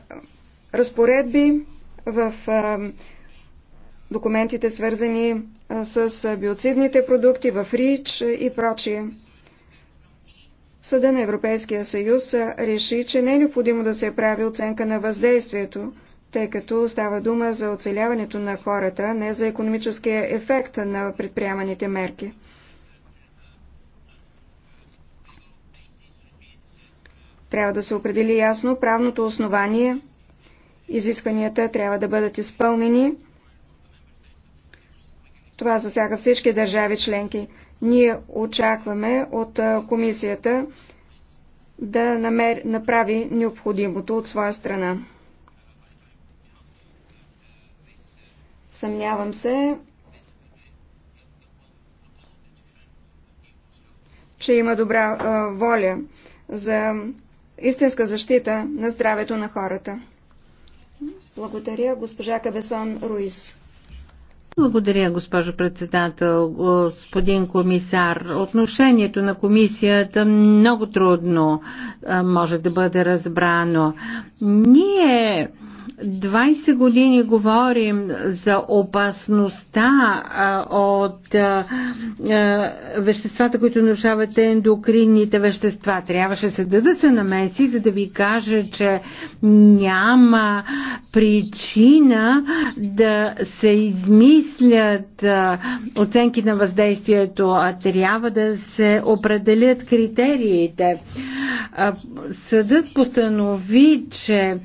разпоредби в документите свързани с биоцидните продукти в РИЧ и прочие. Съда на Европейския съюз реши, че не е необходимо да се прави оценка на въздействието, тъй като става дума за оцеляването на хората, не за економическия ефект на предприеманите мерки. Трябва да се определи ясно правното основание, изискванията трябва да бъдат изпълнени това засяга всички държави членки. Ние очакваме от комисията да намер... направи необходимото от своя страна. Съмнявам се, че има добра а, воля за истинска защита на здравето на хората. Благодаря, госпожа Кабесон Руис. Благодаря, госпожо председател, господин комисар. Отношението на комисията много трудно може да бъде разбрано. Ние 20 години говорим за опасността а, от а, а, веществата, които нарушават ендокринните вещества. Трябваше се да се намеси, за да ви каже, че няма причина да се измислят а, оценки на въздействието, а трябва да се определят критериите. А, съдът постанови, че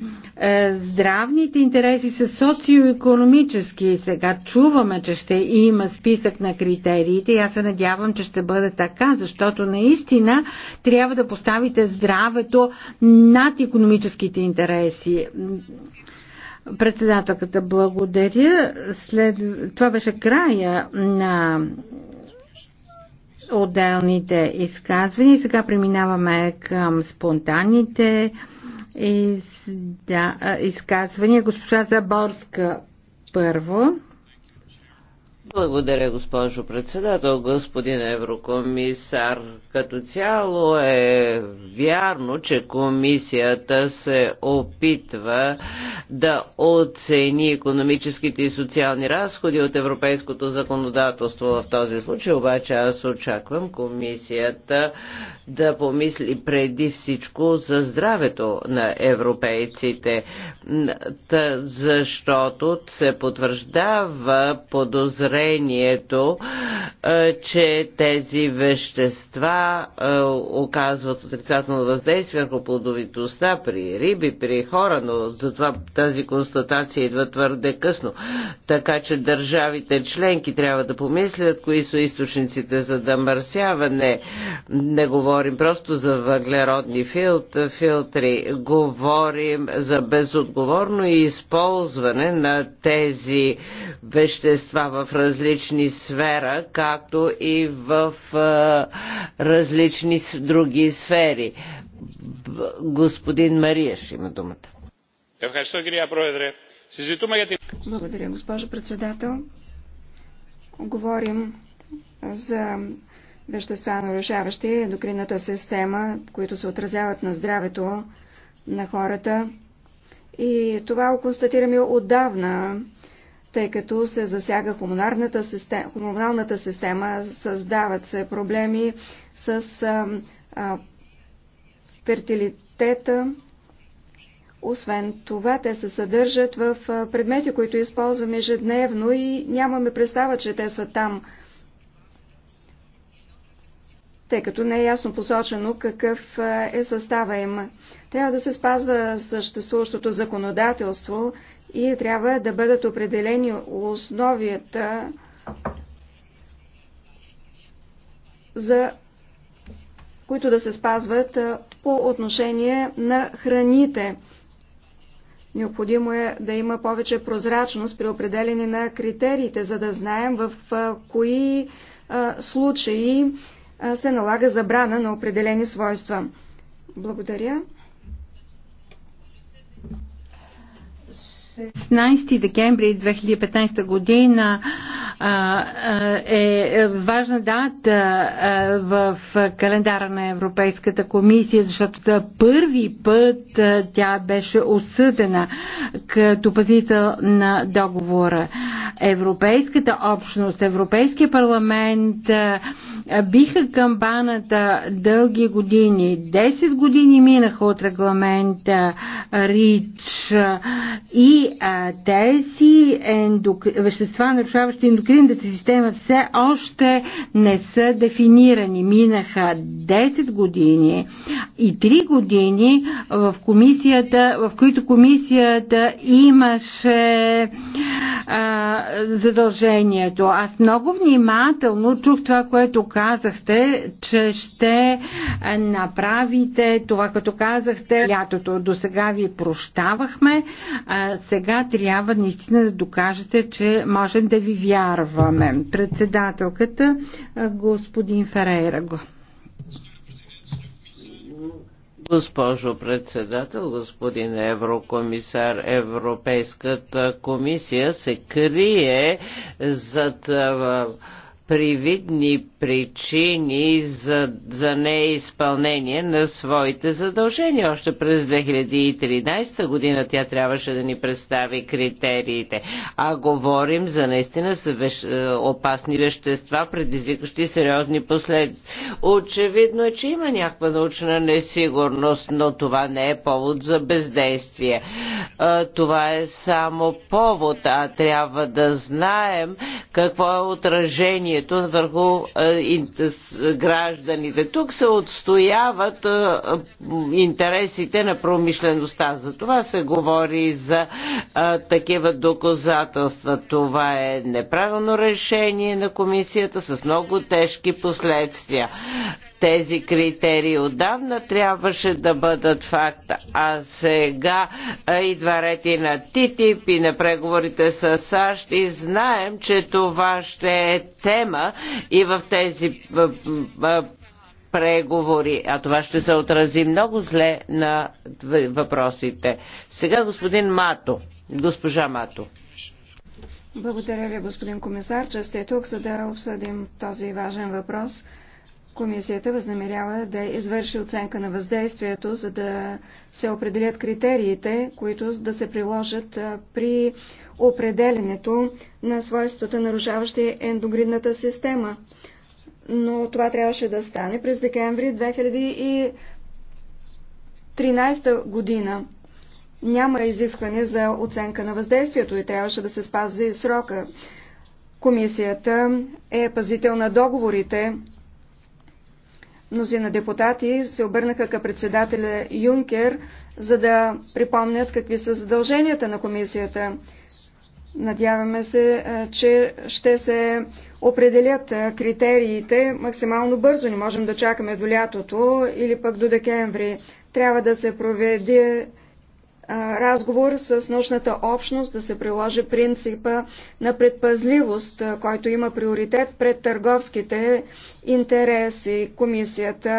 е, здравните интереси са социоекономически. Сега чуваме, че ще има списък на критериите и аз се надявам, че ще бъде така, защото наистина трябва да поставите здравето над економическите интереси. Председателката благодаря. След... Това беше края на отделните изказвания. Сега преминаваме към спонтанните изда... изказвания. Госпожа Заборска първо. Благодаря, госпожо председател, господин еврокомисар. Като цяло е вярно, че комисията се опитва да оцени економическите и социални разходи от европейското законодателство. В този случай обаче аз очаквам комисията да помисли преди всичко за здравето на европейците, защото се потвърждава подозрението, подозрението, че тези вещества оказват отрицателно въздействие върху плодовитостта при риби, при хора, но затова тази констатация идва твърде късно. Така че държавите членки трябва да помислят кои са източниците за замърсяване. Не говорим просто за въглеродни филтри, говорим за безотговорно използване на тези вещества в различни различни сфера, както и в различни други сфери. Господин Мария ще има думата. Благодаря, госпожо председател. Говорим за вещества, нарушаващи ендокринната система, които се отразяват на здравето на хората. И това го констатираме отдавна тъй като се засяга хормоналната система, хормоналната система създават се проблеми с а, а, фертилитета. Освен това, те се съдържат в предмети, които използваме ежедневно и нямаме представа, че те са там, тъй като не е ясно посочено какъв е състава им. Трябва да се спазва съществуващото законодателство и трябва да бъдат определени основията за които да се спазват по отношение на храните. Необходимо е да има повече прозрачност при определене на критериите, за да знаем в кои случаи се налага забрана на определени свойства. Благодаря. 16 декември 2015 година е важна дата в календара на Европейската комисия, защото за първи път тя беше осъдена като пазител на договора. Европейската общност, Европейския парламент биха камбаната дълги години. 10 години минаха от регламента РИЧ и а, тези ендок... вещества, нарушаващи ендокринната система, все още не са дефинирани. Минаха 10 години и 3 години в комисията, в които комисията имаше а, задължението. Аз много внимателно чух това, което казах казахте, че ще направите това, като казахте лятото. До сега ви прощавахме, а сега трябва наистина да докажете, че можем да ви вярваме. Председателката, господин Ферейра го. Госпожо председател, господин еврокомисар, Европейската комисия се крие зад привидни причини за, за неизпълнение на своите задължения. Още през 2013 година тя трябваше да ни представи критериите. А говорим за наистина веще, опасни вещества, предизвикащи сериозни последици. Очевидно е, че има някаква научна несигурност, но това не е повод за бездействие. Е, това е само повод, а трябва да знаем какво е отражение въздействието върху е, гражданите. Тук се отстояват е, интересите на промишлеността. За това се говори за е, такива доказателства. Това е неправилно решение на комисията с много тежки последствия. Тези критерии отдавна трябваше да бъдат факт, а сега идва ред и на ТИТИП и на преговорите с САЩ и знаем, че това ще е тема и в тези преговори, а това ще се отрази много зле на въпросите. Сега господин Мато, госпожа Мато. Благодаря ви, господин комисар, че сте тук, за да обсъдим този важен въпрос. Комисията възнамерява да извърши оценка на въздействието, за да се определят критериите, които да се приложат при определенето на свойствата, нарушаващи ендогридната система. Но това трябваше да стане през декември 2013 година. Няма изискване за оценка на въздействието и трябваше да се спази срока. Комисията е пазител на договорите, мнозина депутати се обърнаха към председателя Юнкер, за да припомнят какви са задълженията на комисията. Надяваме се, е, че ще се определят е, критериите максимално бързо. Не можем да чакаме до лятото или пък до декември. Трябва да се проведе разговор с научната общност да се приложи принципа на предпазливост, който има приоритет пред търговските интереси. Комисията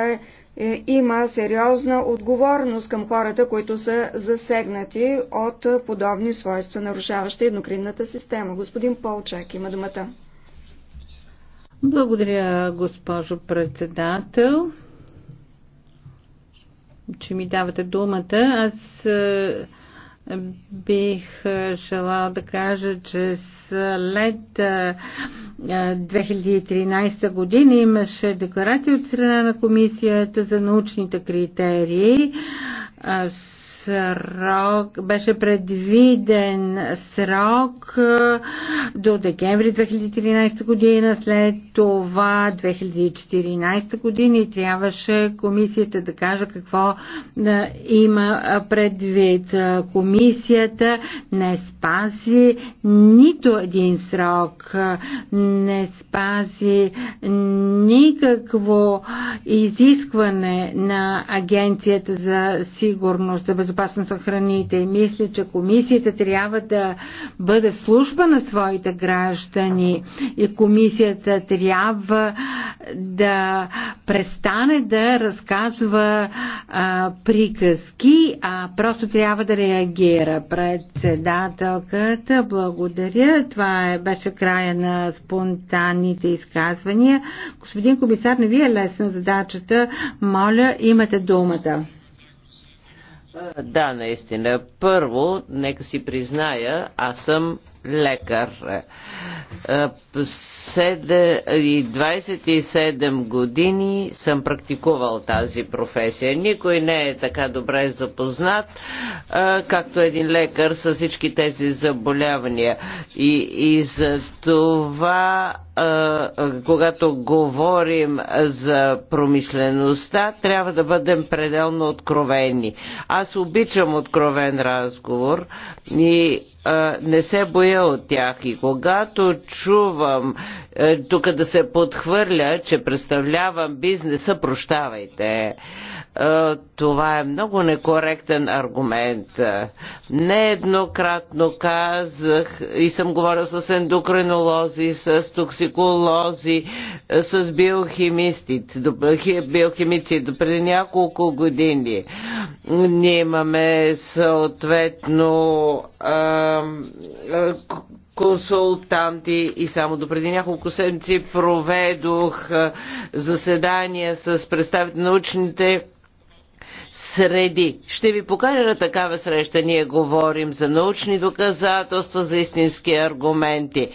е, има сериозна отговорност към хората, които са засегнати от подобни свойства, нарушаващи еднокринната система. Господин Полчак има думата. Благодаря, госпожо председател че ми давате думата. Аз е, бих е, желал да кажа, че след 2013 е, година имаше декларация от страна на комисията за научните критерии срок, беше предвиден срок до декември 2013 година, след това 2014 година и трябваше комисията да каже какво има предвид. Комисията не спази нито един срок, не спази никакво изискване на Агенцията за сигурност, за безопасност на храните. И мисля, че комисията трябва да бъде в служба на своите граждани и комисията трябва да престане да разказва а, приказки, а просто трябва да реагира. Председателката, благодаря. Това е, беше края на спонтанните изказвания. Господин комисар, не ви е лесна задачата. Моля, имате думата. Да, наистина. Първо, нека си призная, аз съм лекар. Е, е, и 27 години съм практикувал тази професия. Никой не е така добре запознат, е, както един лекар с всички тези заболявания. И, и за това, когато говорим за промишлеността, трябва да бъдем пределно откровени. Аз обичам откровен разговор и не се боя от тях. И когато чувам е, тук да се подхвърля, че представлявам бизнеса, прощавайте. Е, това е много некоректен аргумент. Е, нееднократно казах и съм говорил с ендокринолози, с токсиколози, с биохимисти, биохимици до преди няколко години. Ние имаме съответно а, консултанти и само до преди няколко седмици проведох заседания с представители на научните среди. Ще ви покажа на такава среща. Ние говорим за научни доказателства, за истински аргументи.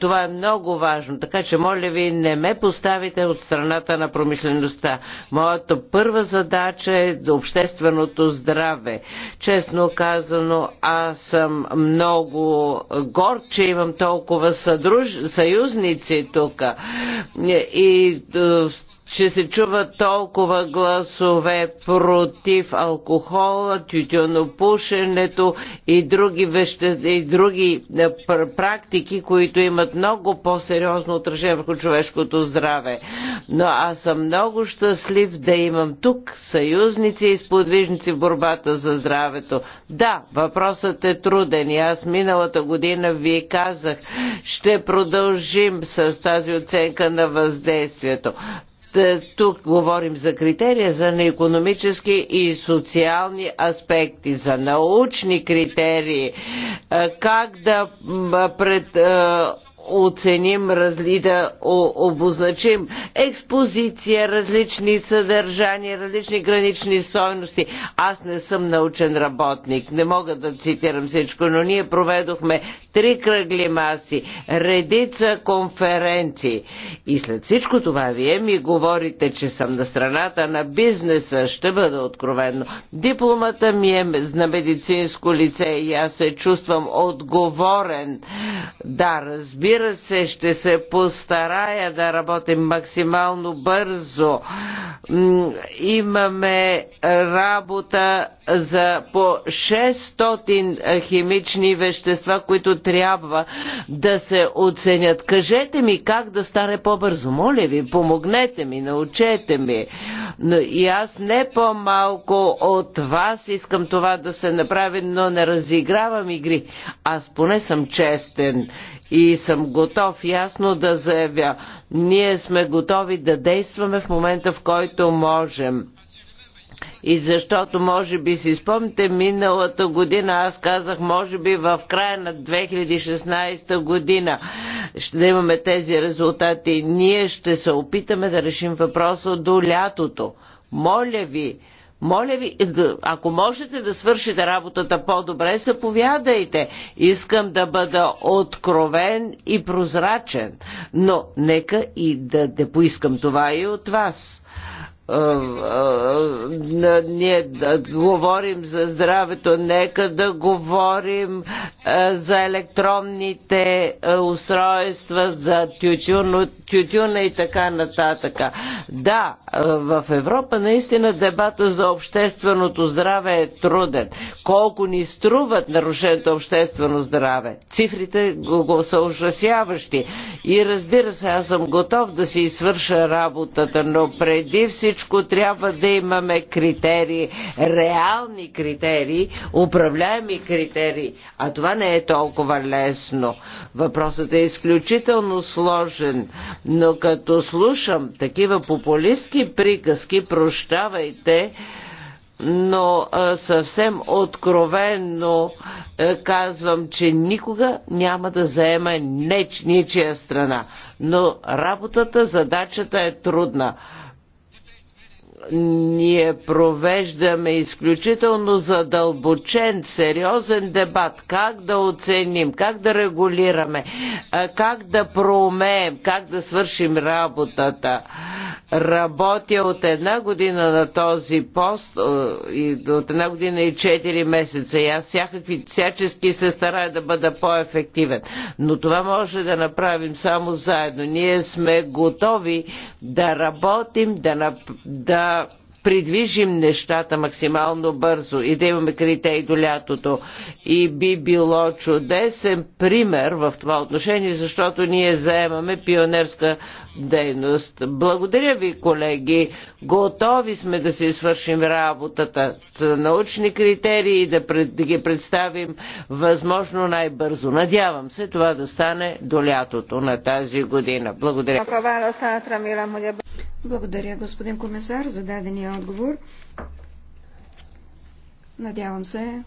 Това е много важно, така че моля ви не ме поставите от страната на промишлеността. Моята първа задача е за общественото здраве. Честно казано, аз съм много горд, че имам толкова съдруж... съюзници тук. И е, че се чуват толкова гласове против алкохола, тютюнопушенето и други, веще... и други е, практики, които имат много по-сериозно отражение върху човешкото здраве. Но аз съм много щастлив да имам тук съюзници и сподвижници в борбата за здравето. Да, въпросът е труден и аз миналата година ви казах, ще продължим с тази оценка на въздействието. Е, тук говорим за критерия за неекономически и социални аспекти, за научни критерии, е, как да пред, е, оценим разли, да обозначим експозиция, различни съдържания, различни гранични стойности. Аз не съм научен работник, не мога да цитирам всичко, но ние проведохме три кръгли маси, редица конференции. И след всичко това вие ми говорите, че съм на страната на бизнеса, ще бъда откровенно. Дипломата ми е на медицинско лице и аз се чувствам отговорен. Да, разбира Разбира се, ще се постарая да работим максимално бързо. Имаме работа за по 600 химични вещества, които трябва да се оценят. Кажете ми как да стане по-бързо. Моля ви, помогнете ми, научете ми. Но и аз не по-малко от вас искам това да се направи, но не разигравам игри. Аз поне съм честен и съм готов ясно да заявя. Ние сме готови да действаме в момента, в който можем и защото, може би си спомните, миналата година аз казах, може би в края на 2016 година ще имаме тези резултати. Ние ще се опитаме да решим въпроса до лятото. Моля ви, моля ви, ако можете да свършите работата по-добре, заповядайте. Искам да бъда откровен и прозрачен, но нека и да, да поискам това и от вас. Е, е, ние да говорим за здравето, нека да говорим е, за електронните устройства, за тютюна, тютюна и така нататък. Да, в Европа наистина дебата за общественото здраве е труден. Колко ни струват нарушеното обществено здраве? Цифрите го са ужасяващи. И разбира се, аз съм готов да си свърша работата, но преди всичко всичко трябва да имаме критерии, реални критерии, управляеми критерии. А това не е толкова лесно. Въпросът е изключително сложен, но като слушам такива популистски приказки, прощавайте, но съвсем откровенно казвам, че никога няма да заема ничия страна. Но работата, задачата е трудна ние провеждаме изключително задълбочен, сериозен дебат. Как да оценим, как да регулираме, как да проумеем, как да свършим работата. Работя от една година на този пост, от една година и четири месеца и аз всякакви, всячески се старая да бъда по-ефективен. Но това може да направим само заедно. Ние сме готови да работим, да, да придвижим нещата максимално бързо и да имаме критерии до лятото. И би било чудесен пример в това отношение, защото ние заемаме пионерска дейност. Благодаря ви, колеги. Готови сме да си свършим работата с научни критерии и да, пред, да ги представим възможно най-бързо. Надявам се това да стане до лятото на тази година. Благодаря. Благодаря, господин комисар, за дадения отговор. Надявам се,